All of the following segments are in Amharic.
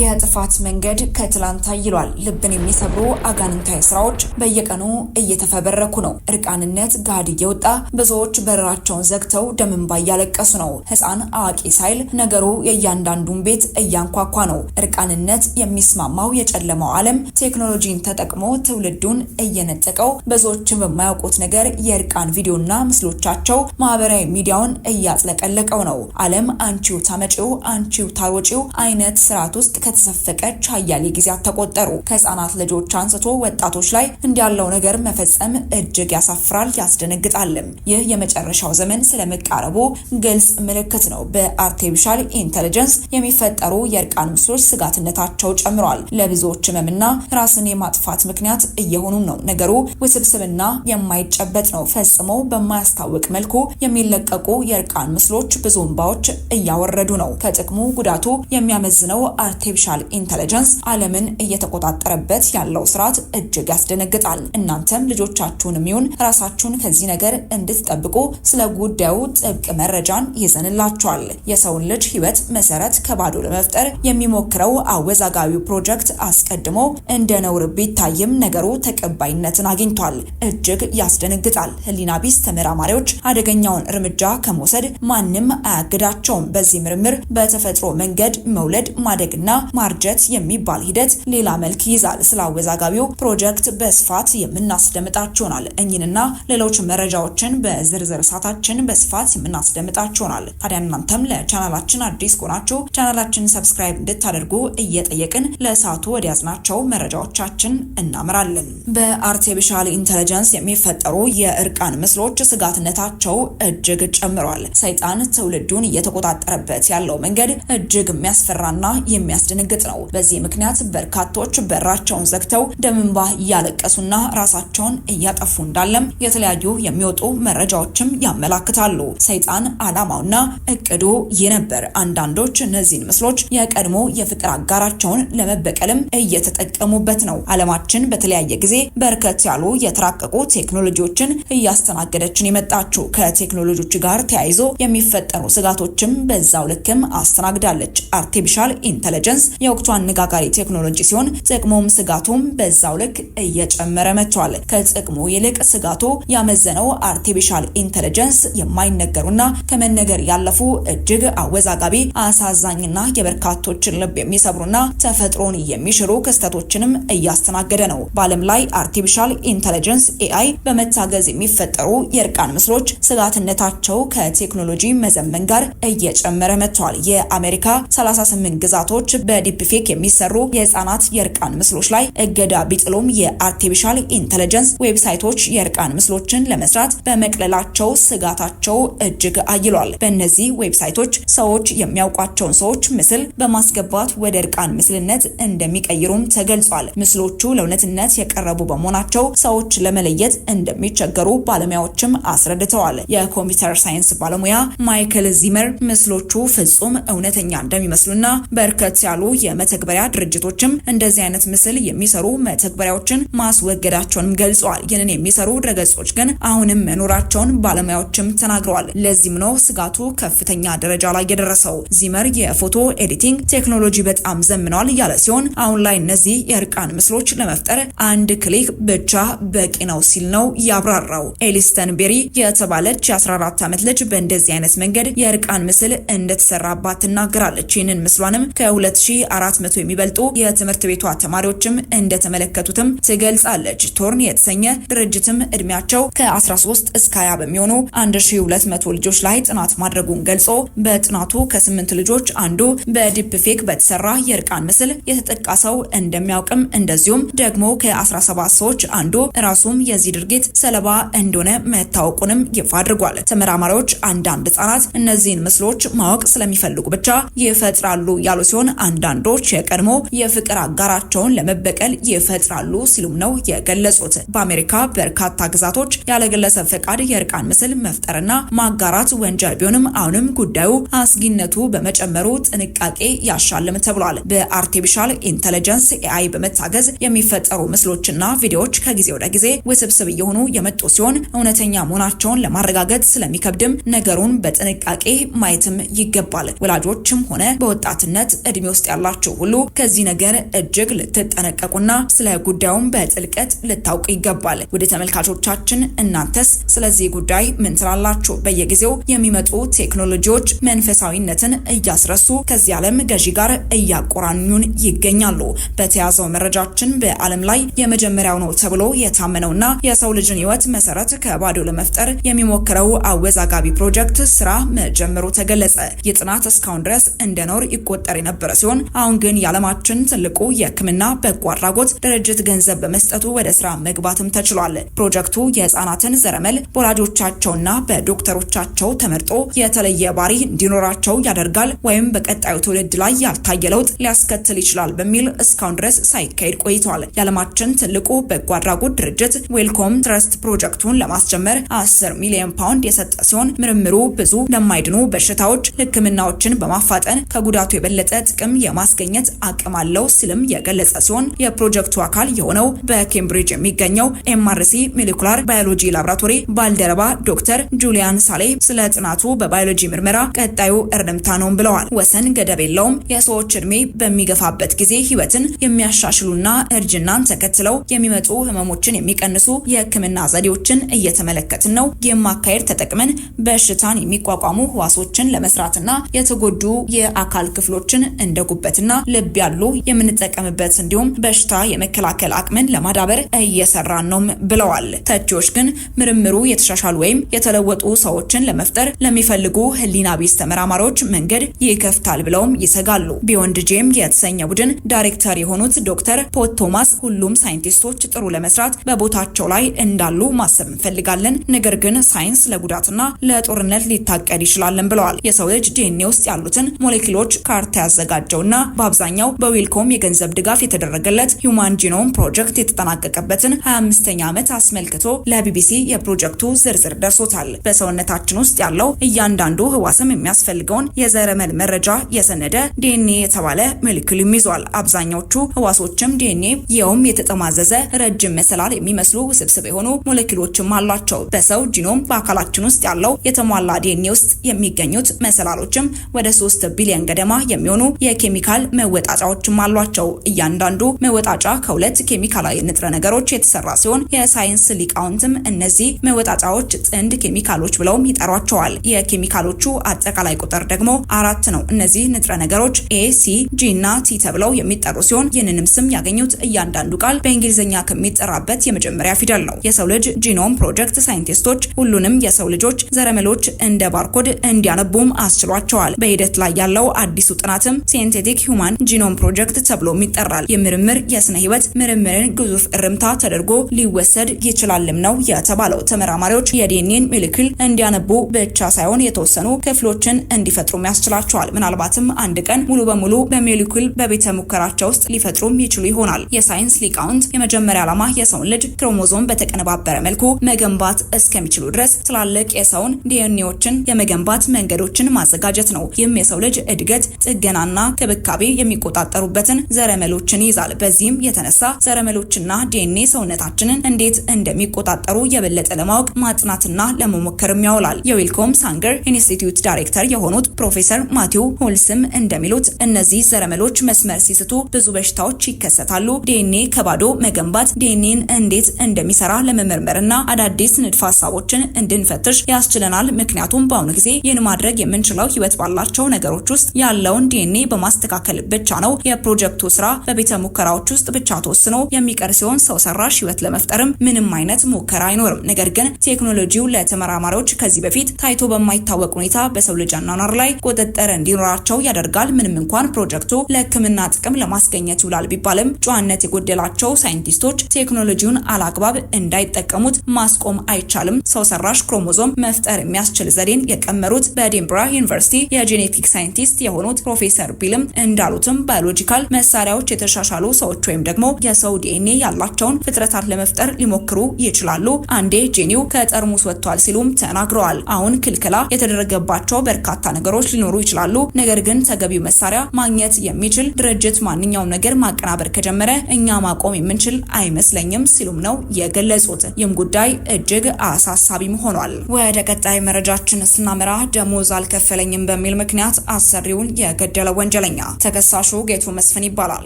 የጥፋት መንገድ ከትላንት ይሏል። ልብን የሚሰብሩ አጋንንታዊ ስራዎች በየቀኑ እየተፈበረኩ ነው። እርቃንነት ጋድ እየወጣ ብዙዎች በራቸውን ዘግተው ደምንባ እያለቀሱ ነው። ህፃን አዋቂ ሳይል ነገሩ የእያንዳንዱን ቤት እያንኳኳ ነው። እርቃንነት የሚስማማው የጨለማው ዓለም ቴክኖሎጂን ተጠቅሞ ትውልዱን እየነጠቀው ብዙዎችን በማያውቁት ነገር የእርቃን ቪዲዮና ምስሎቻቸው ማህበራዊ ሚዲያውን እያጥለቀለቀው ነው። ዓለም አንቺው ታመጪው አንቺው ታሮጪው አይነት ስርዓት ውስጥ ከተሰፈቀች አያሌ ጊዜያት ተቆጠሩ። ከህጻናት ልጆች አንስቶ ወጣቶች ላይ እንዲያለው ነገር መፈጸም እጅግ ያሳፍራል፣ ያስደነግጣልም። ይህ የመጨረሻው ዘመን ስለመቃረቡ ግልጽ ምልክት ነው። በአርቲፊሻል ኢንተለጀንስ የሚፈጠሩ የእርቃን ምስሎች ስጋትነታቸው ጨምሯል። ለብዙዎች ህመምና ራስን የማጥፋት ምክንያት እየሆኑ ነው። ነገሩ ውስብስብና የማይጨበጥ ነው። ፈጽሞ በማያስታውቅ መልኩ የሚለቀቁ የእርቃን ምስሎች ብዙ እንባዎች እያወረዱ ነው። ከጥቅሙ ጉዳቱ የሚያመዝነው አርቲ አርቲፊሻል ኢንተለጀንስ ዓለምን እየተቆጣጠረበት ያለው ስርዓት እጅግ ያስደነግጣል። እናንተም ልጆቻችሁን የሚሆን ራሳችሁን ከዚህ ነገር እንድትጠብቁ ስለ ጉዳዩ ጥብቅ መረጃን ይዘንላችኋል። የሰውን ልጅ ሕይወት መሰረት ከባዶ ለመፍጠር የሚሞክረው አወዛጋቢው ፕሮጀክት አስቀድሞ እንደ ነውር ቢታይም ነገሩ ተቀባይነትን አግኝቷል። እጅግ ያስደነግጣል። ህሊና ቢስ ተመራማሪዎች አደገኛውን እርምጃ ከመውሰድ ማንም አያግዳቸውም። በዚህ ምርምር በተፈጥሮ መንገድ መውለድ ማደግና ማርጀት የሚባል ሂደት ሌላ መልክ ይዛል። ስለ አወዛጋቢው ፕሮጀክት በስፋት የምናስደምጣችሆናል። እኚህንና ሌሎች መረጃዎችን በዝርዝር እሳታችን በስፋት የምናስደምጣችሆናል። ታዲያ እናንተም ለቻናላችን አዲስ ከሆናችሁ ቻናላችን ሰብስክራይብ እንድታደርጉ እየጠየቅን ለእሳቱ ወደ ያዝናቸው መረጃዎቻችን እናምራለን። በአርቲፊሻል ኢንተለጀንስ የሚፈጠሩ የእርቃን ምስሎች ስጋትነታቸው እጅግ ጨምሯል። ሰይጣን ትውልዱን እየተቆጣጠረበት ያለው መንገድ እጅግ የሚያስፈራና የሚያስደ ድንግጥ ነው። በዚህ ምክንያት በርካቶች በራቸውን ዘግተው ደምንባ እያለቀሱና ራሳቸውን እያጠፉ እንዳለም የተለያዩ የሚወጡ መረጃዎችም ያመላክታሉ። ሰይጣን አላማውና እቅዱ ይህ ነበር። አንዳንዶች እነዚህን ምስሎች የቀድሞ የፍቅር አጋራቸውን ለመበቀልም እየተጠቀሙበት ነው። ዓለማችን በተለያየ ጊዜ በርከት ያሉ የተራቀቁ ቴክኖሎጂዎችን እያስተናገደችን የመጣችው ከቴክኖሎጂዎች ጋር ተያይዞ የሚፈጠሩ ስጋቶችም በዛው ልክም አስተናግዳለች። አርቲፊሻል ኢንተለጀንስ ሳይንስ የወቅቱ አነጋጋሪ ቴክኖሎጂ ሲሆን ጥቅሙም ስጋቱም በዛው ልክ እየጨመረ መጥቷል። ከጥቅሙ ይልቅ ስጋቱ ያመዘነው አርቲፊሻል ኢንተለጀንስ የማይነገሩና ከመነገር ያለፉ እጅግ አወዛጋቢ አሳዛኝና የበርካቶችን ልብ የሚሰብሩና ተፈጥሮን የሚሽሩ ክስተቶችንም እያስተናገደ ነው። በዓለም ላይ አርቲፊሻል ኢንተለጀንስ ኤአይ በመታገዝ የሚፈጠሩ የእርቃን ምስሎች ስጋትነታቸው ከቴክኖሎጂ መዘመን ጋር እየጨመረ መጥቷል። የአሜሪካ 38 ግዛቶች በዲፕፌክ የሚሰሩ የህጻናት የእርቃን ምስሎች ላይ እገዳ ቢጥሉም የአርቲፊሻል ኢንተለጀንስ ዌብሳይቶች የእርቃን ምስሎችን ለመስራት በመቅለላቸው ስጋታቸው እጅግ አይሏል። በእነዚህ ዌብሳይቶች ሰዎች የሚያውቋቸውን ሰዎች ምስል በማስገባት ወደ እርቃን ምስልነት እንደሚቀይሩም ተገልጿል። ምስሎቹ ለእውነትነት የቀረቡ በመሆናቸው ሰዎች ለመለየት እንደሚቸገሩ ባለሙያዎችም አስረድተዋል። የኮምፒውተር ሳይንስ ባለሙያ ማይክል ዚመር ምስሎቹ ፍጹም እውነተኛ እንደሚመስሉና በርከት ያሉ የመተግበሪያ ድርጅቶችም እንደዚህ አይነት ምስል የሚሰሩ መተግበሪያዎችን ማስወገዳቸውንም ገልጸዋል። ይህንን የሚሰሩ ድረገጾች ግን አሁንም መኖራቸውን ባለሙያዎችም ተናግረዋል። ለዚህም ነው ስጋቱ ከፍተኛ ደረጃ ላይ የደረሰው። ዚመር የፎቶ ኤዲቲንግ ቴክኖሎጂ በጣም ዘምነዋል ያለ ሲሆን አሁን ላይ እነዚህ የእርቃን ምስሎች ለመፍጠር አንድ ክሊክ ብቻ በቂ ነው ሲል ነው ያብራራው። ኤሊስተን ቤሪ የተባለች የ14 ዓመት ልጅ በእንደዚህ አይነት መንገድ የእርቃን ምስል እንደተሰራባት ትናገራለች። ይህንን ምስሏንም ከ ከ የሚበልጡ የትምህርት ቤቷ ተማሪዎችም እንደተመለከቱትም ትገልጻለች። ቶርን የተሰኘ ድርጅትም እድሜያቸው ከ13 እስከ 20 በሚሆኑ 1200 ልጆች ላይ ጥናት ማድረጉን ገልጾ በጥናቱ ከስምንት ልጆች አንዱ በዲፕ ፌክ በተሰራ የእርቃን ምስል የተጠቃ ሰው እንደሚያውቅም እንደዚሁም ደግሞ ከ17 ሰዎች አንዱ ራሱም የዚህ ድርጊት ሰለባ እንደሆነ መታወቁንም ይፋ አድርጓል። ተመራማሪዎች አንዳንድ ህጻናት እነዚህን ምስሎች ማወቅ ስለሚፈልጉ ብቻ ይፈጥራሉ ያሉ ሲሆን አንዳንዶች የቀድሞ የፍቅር አጋራቸውን ለመበቀል ይፈጥራሉ ሲሉም ነው የገለጹት። በአሜሪካ በርካታ ግዛቶች ያለግለሰብ ፈቃድ የእርቃን ምስል መፍጠርና ማጋራት ወንጀል ቢሆንም አሁንም ጉዳዩ አስጊነቱ በመጨመሩ ጥንቃቄ ያሻልም ተብሏል። በአርቲፊሻል ኢንተለጀንስ ኤአይ በመታገዝ የሚፈጠሩ ምስሎችና ቪዲዮዎች ከጊዜ ወደ ጊዜ ውስብስብ እየሆኑ የመጡ ሲሆን እውነተኛ መሆናቸውን ለማረጋገጥ ስለሚከብድም ነገሩን በጥንቃቄ ማየትም ይገባል። ወላጆችም ሆነ በወጣትነት እድሜ ውስጥ ውስጥ ያላችሁ ሁሉ ከዚህ ነገር እጅግ ልትጠነቀቁና ስለ ጉዳዩም በጥልቀት ልታውቁ ይገባል። ወደ ተመልካቾቻችን እናንተስ ስለዚህ ጉዳይ ምን ትላላችሁ? በየጊዜው የሚመጡ ቴክኖሎጂዎች መንፈሳዊነትን እያስረሱ ከዚህ ዓለም ገዢ ጋር እያቆራኙን ይገኛሉ። በተያዘው መረጃችን በዓለም ላይ የመጀመሪያው ነው ተብሎ የታመነውና የሰው ልጅን ህይወት መሰረት ከባዶ ለመፍጠር የሚሞክረው አወዛጋቢ ፕሮጀክት ስራ መጀመሩ ተገለጸ። የጥናት እስካሁን ድረስ እንደ ኖር ይቆጠር የነበረ ሲሆን ሲሆን አሁን ግን የዓለማችን ትልቁ የሕክምና በጎ አድራጎት ድርጅት ገንዘብ በመስጠቱ ወደ ስራ መግባትም ተችሏል። ፕሮጀክቱ የህፃናትን ዘረመል በወላጆቻቸውና በዶክተሮቻቸው ተመርጦ የተለየ ባህሪ እንዲኖራቸው ያደርጋል ወይም በቀጣዩ ትውልድ ላይ ያልታየ ለውጥ ሊያስከትል ይችላል በሚል እስካሁን ድረስ ሳይካሄድ ቆይቷል። የዓለማችን ትልቁ በጎ አድራጎት ድርጅት ዌልኮም ትረስት ፕሮጀክቱን ለማስጀመር 10 ሚሊዮን ፓውንድ የሰጠ ሲሆን ምርምሩ ብዙ ለማይድኑ በሽታዎች ህክምናዎችን በማፋጠን ከጉዳቱ የበለጠ ጥቅም የማስገኘት አቅም አለው ሲልም የገለጸ ሲሆን የፕሮጀክቱ አካል የሆነው በኬምብሪጅ የሚገኘው ኤምአርሲ ሞሌኩላር ባዮሎጂ ላብራቶሪ ባልደረባ ዶክተር ጁሊያን ሳሌ ስለ ጥናቱ በባዮሎጂ ምርመራ ቀጣዩ እርምታ ነው ብለዋል። ወሰን ገደብ የለውም። የሰዎች እድሜ በሚገፋበት ጊዜ ህይወትን የሚያሻሽሉና እርጅናን ተከትለው የሚመጡ ህመሞችን የሚቀንሱ የህክምና ዘዴዎችን እየተመለከትን ነው። የማካሄድ ተጠቅመን በሽታን የሚቋቋሙ ህዋሶችን ለመስራትና የተጎዱ የአካል ክፍሎችን እንደ የሚዋጉበትና ልብ ያሉ የምንጠቀምበት እንዲሁም በሽታ የመከላከል አቅምን ለማዳበር እየሰራን ነውም ብለዋል። ተቺዎች ግን ምርምሩ የተሻሻሉ ወይም የተለወጡ ሰዎችን ለመፍጠር ለሚፈልጉ ህሊና ቢስ ተመራማሪዎች መንገድ ይከፍታል ብለውም ይሰጋሉ። ቢዮንድ ጄም የተሰኘ ቡድን ዳይሬክተር የሆኑት ዶክተር ፖት ቶማስ ሁሉም ሳይንቲስቶች ጥሩ ለመስራት በቦታቸው ላይ እንዳሉ ማሰብ እንፈልጋለን፣ ነገር ግን ሳይንስ ለጉዳትና ለጦርነት ሊታቀድ ይችላለን ብለዋል። የሰው ልጅ ዲኤንኤ ውስጥ ያሉትን ሞሌኪሎች ካርታ ያዘጋጀ ያዘጋጀውና በአብዛኛው በዌልኮም የገንዘብ ድጋፍ የተደረገለት ሂውማን ጂኖም ፕሮጀክት የተጠናቀቀበትን 25ኛ ዓመት አስመልክቶ ለቢቢሲ የፕሮጀክቱ ዝርዝር ደርሶታል። በሰውነታችን ውስጥ ያለው እያንዳንዱ ህዋስም የሚያስፈልገውን የዘረመል መረጃ የሰነደ ዲኤንኤ የተባለ ሞለኪውልም ይዟል። አብዛኛዎቹ ህዋሶችም ዲኤንኤ የውም የተጠማዘዘ ረጅም መሰላል የሚመስሉ ውስብስብ የሆኑ ሞለኪውሎችም አሏቸው። በሰው ጂኖም በአካላችን ውስጥ ያለው የተሟላ ዲኤንኤ ውስጥ የሚገኙት መሰላሎችም ወደ ሶስት ቢሊዮን ገደማ የሚሆኑ የ የኬሚካል መወጣጫዎችም አሏቸው። እያንዳንዱ መወጣጫ ከሁለት ኬሚካላዊ ንጥረ ነገሮች የተሰራ ሲሆን የሳይንስ ሊቃውንትም እነዚህ መወጣጫዎች ጥንድ ኬሚካሎች ብለውም ይጠሯቸዋል። የኬሚካሎቹ አጠቃላይ ቁጥር ደግሞ አራት ነው። እነዚህ ንጥረ ነገሮች ኤ፣ ሲ፣ ጂ እና ቲ ተብለው የሚጠሩ ሲሆን ይህንንም ስም ያገኙት እያንዳንዱ ቃል በእንግሊዝኛ ከሚጠራበት የመጀመሪያ ፊደል ነው። የሰው ልጅ ጂኖም ፕሮጀክት ሳይንቲስቶች ሁሉንም የሰው ልጆች ዘረመሎች እንደ ባርኮድ እንዲያነቡም አስችሏቸዋል። በሂደት ላይ ያለው አዲሱ ጥናትም ሴንት ሲንቴቲክ ሁማን ጂኖም ፕሮጀክት ተብሎም ይጠራል። የምርምር የስነ ህይወት ምርምርን ግዙፍ እርምታ ተደርጎ ሊወሰድ ይችላልም ነው የተባለው። ተመራማሪዎች የዲኤንኤን ሞለኪል እንዲያነቡ ብቻ ሳይሆን የተወሰኑ ክፍሎችን እንዲፈጥሩም ያስችላቸዋል። ምናልባትም አንድ ቀን ሙሉ በሙሉ በሞለኪል በቤተ ሙከራቸው ውስጥ ሊፈጥሩም ይችሉ ይሆናል። የሳይንስ ሊቃውንት የመጀመሪያ ዓላማ የሰውን ልጅ ክሮሞዞም በተቀነባበረ መልኩ መገንባት እስከሚችሉ ድረስ ትላልቅ የሰውን ዲኤንኤዎችን የመገንባት መንገዶችን ማዘጋጀት ነው። ይህም የሰው ልጅ እድገት ጥገናና እንክብካቤ የሚቆጣጠሩበትን ዘረመሎችን ይይዛል። በዚህም የተነሳ ዘረመሎችና ዲኤንኤ ሰውነታችንን እንዴት እንደሚቆጣጠሩ የበለጠ ለማወቅ ማጥናትና ለመሞከርም ያውላል። የዌልኮም ሳንገር ኢንስቲትዩት ዳይሬክተር የሆኑት ፕሮፌሰር ማቴው ሆልስም እንደሚሉት እነዚህ ዘረመሎች መስመር ሲስቱ ብዙ በሽታዎች ይከሰታሉ። ዲኤንኤ ከባዶ መገንባት ዲኤንኤን እንዴት እንደሚሰራ ለመመርመርና አዳዲስ ንድፈ ሀሳቦችን እንድንፈትሽ ያስችለናል። ምክንያቱም በአሁኑ ጊዜ ይህን ማድረግ የምንችለው ህይወት ባላቸው ነገሮች ውስጥ ያለውን ዲኤንኤ በማስ ማስተካከል ብቻ ነው። የፕሮጀክቱ ስራ በቤተ ሙከራዎች ውስጥ ብቻ ተወስኖ የሚቀር ሲሆን ሰው ሰራሽ ህይወት ለመፍጠርም ምንም አይነት ሙከራ አይኖርም። ነገር ግን ቴክኖሎጂው ለተመራማሪዎች ከዚህ በፊት ታይቶ በማይታወቅ ሁኔታ በሰው ልጅ አኗኗር ላይ ቁጥጥር እንዲኖራቸው ያደርጋል። ምንም እንኳን ፕሮጀክቱ ለህክምና ጥቅም ለማስገኘት ይውላል ቢባልም ጨዋነት የጎደላቸው ሳይንቲስቶች ቴክኖሎጂውን አላግባብ እንዳይጠቀሙት ማስቆም አይቻልም። ሰው ሰራሽ ክሮሞዞም መፍጠር የሚያስችል ዘዴን የቀመሩት በኤዲንበራ ዩኒቨርሲቲ የጄኔቲክ ሳይንቲስት የሆኑት ፕሮፌሰር ቢልም እንዳሉትም ባዮሎጂካል መሳሪያዎች የተሻሻሉ ሰዎች ወይም ደግሞ የሰው ዲኤንኤ ያላቸውን ፍጥረታት ለመፍጠር ሊሞክሩ ይችላሉ። አንዴ ጄኒው ከጠርሙስ ወጥቷል ሲሉም ተናግረዋል። አሁን ክልክላ የተደረገባቸው በርካታ ነገሮች ሊኖሩ ይችላሉ። ነገር ግን ተገቢው መሳሪያ ማግኘት የሚችል ድርጅት ማንኛውም ነገር ማቀናበር ከጀመረ እኛ ማቆም የምንችል አይመስለኝም ሲሉም ነው የገለጹት። ይህም ጉዳይ እጅግ አሳሳቢም ሆኗል። ወደ ቀጣይ መረጃችን ስናመራ ደሞዝ አልከፈለኝም በሚል ምክንያት አሰሪውን የገደለ ወንጀለኛ ጥፋተኛ ተከሳሹ ጌቱ መስፍን ይባላል።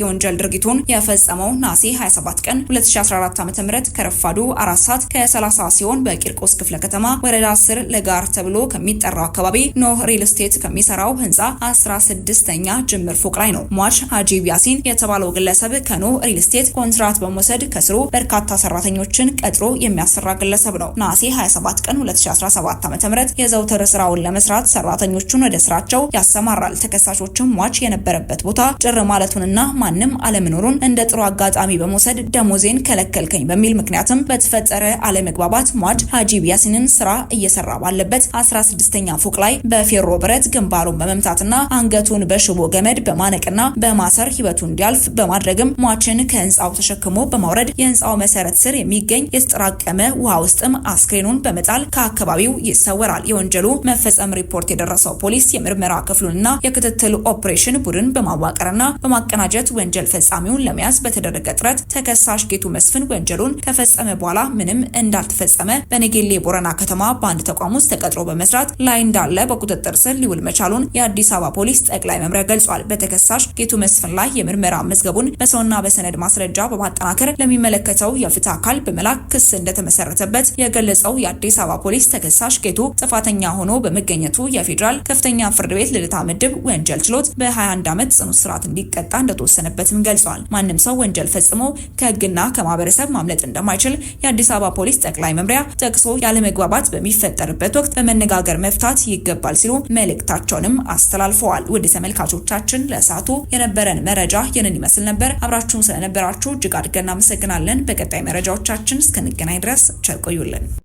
የወንጀል ድርጊቱን የፈጸመው ናሴ 27 ቀን 2014 ዓ.ም ከረፋዱ አራሳት ሰዓት ከ30 ሲሆን በቂርቆስ ክፍለ ከተማ ወረዳ 10 ለጋር ተብሎ ከሚጠራው አካባቢ ኖህ ሪል ስቴት ከሚሰራው ህንፃ 16ኛ ጅምር ፎቅ ላይ ነው። ሟች አጂብ ያሲን የተባለው ግለሰብ ከኖህ ሪል ስቴት ኮንትራት በመውሰድ ከስሩ በርካታ ሰራተኞችን ቀጥሮ የሚያሰራ ግለሰብ ነው። ናሴ 27 ቀን 2017 ዓ.ም የዘውትር ስራውን ለመስራት ሰራተኞቹን ወደ ስራቸው ያሰማራል። ተከሳሾችም ሟች የነበረበት ቦታ ጭር ማለቱንና ማንም አለመኖሩን እንደ ጥሩ አጋጣሚ በመውሰድ ደሞዜን ከለከልከኝ በሚል ምክንያትም በተፈጠረ አለመግባባት ሟች ሀጂብ ያሲንን ስራ እየሰራ ባለበት 16ኛ ፎቅ ላይ በፌሮ ብረት ግንባሩን በመምታትና አንገቱን በሽቦ ገመድ በማነቅና በማሰር ህይወቱ እንዲያልፍ በማድረግም ሟችን ከህንፃው ተሸክሞ በማውረድ የህንፃው መሰረት ስር የሚገኝ የተጠራቀመ ውሃ ውስጥም አስክሬኑን በመጣል ከአካባቢው ይሰወራል። የወንጀሉ መፈጸም ሪፖርት የደረሰው ፖሊስ የምርመራ ክፍሉንና የክትትል ኦፕሬሽን ኃይሎችን ቡድን በማዋቀርና በማቀናጀት ወንጀል ፈጻሚውን ለመያዝ በተደረገ ጥረት ተከሳሽ ጌቱ መስፍን ወንጀሉን ከፈጸመ በኋላ ምንም እንዳልተፈጸመ በነጌሌ ቦረና ከተማ በአንድ ተቋም ውስጥ ተቀጥሮ በመስራት ላይ እንዳለ በቁጥጥር ስር ሊውል መቻሉን የአዲስ አበባ ፖሊስ ጠቅላይ መምሪያ ገልጿል። በተከሳሽ ጌቱ መስፍን ላይ የምርመራ መዝገቡን በሰውና በሰነድ ማስረጃ በማጠናከር ለሚመለከተው የፍትህ አካል በመላክ ክስ እንደተመሰረተበት የገለጸው የአዲስ አበባ ፖሊስ ተከሳሽ ጌቱ ጥፋተኛ ሆኖ በመገኘቱ የፌዴራል ከፍተኛ ፍርድ ቤት ልደታ ምድብ ወንጀል ችሎት በ 21 ዓመት ጽኑ እስራት እንዲቀጣ እንደተወሰነበትም ገልጿል። ማንም ሰው ወንጀል ፈጽሞ ከህግና ከማህበረሰብ ማምለጥ እንደማይችል የአዲስ አበባ ፖሊስ ጠቅላይ መምሪያ ጠቅሶ ያለመግባባት በሚፈጠርበት ወቅት በመነጋገር መፍታት ይገባል ሲሉ መልእክታቸውንም አስተላልፈዋል። ውድ ተመልካቾቻችን ለእሳቱ የነበረን መረጃ ይህንን ይመስል ነበር። አብራችሁን ስለነበራችሁ እጅግ አድርገን እናመሰግናለን። በቀጣይ መረጃዎቻችን እስክንገናኝ ድረስ ቸር ቆዩልን።